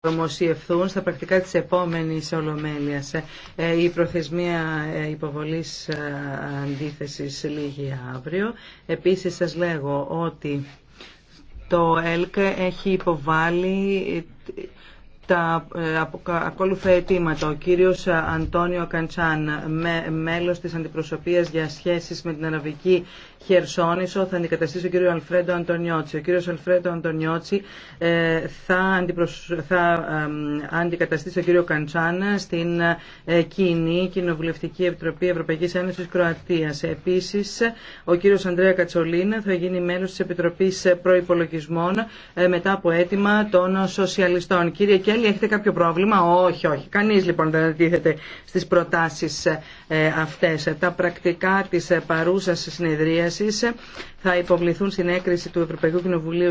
προμοσιευθούν στα πρακτικά της επόμενης Ολομέλειας. Ε, η προθεσμία ε, υποβολής ε, αντίθεσης λίγη αύριο. Επίσης σας λέγω ότι το ΕΛΚ έχει υποβάλει τα ε, ακόλουθα αιτήματα. Ο κύριος Αντώνιο Καντσάν, μέλος της Αντιπροσωπείας για σχέσεις με την Αραβική Χερσόνησο, θα αντικαταστήσει ο κύριο Αλφρέντο Αντωνιώτσι. Ο κύριος Αλφρέντο Αντωνιώτσι ε, θα, θα αντικαταστήσει ο κύριο Καντσάν στην ε, κοινή Κοινοβουλευτική Επιτροπή Ευρωπαϊκής Ένωσης Κροατίας. Επίσης, ο κύριος Ανδρέα Κατσολίνα θα γίνει μέλος της Επιτροπής Προϋπολογισμών μετά από αίτημα των Σοσιαλιστών. Κύριε Έχετε κάποιο πρόβλημα. Όχι, όχι. Κανεί λοιπόν δεν αντίθεται στις προτάσεις ε, αυτές. Τα πρακτικά της ε, παρούσας συνεδρίασης θα υποβληθούν στην έκριση του Ευρωπαϊκού Κοινοβουλίου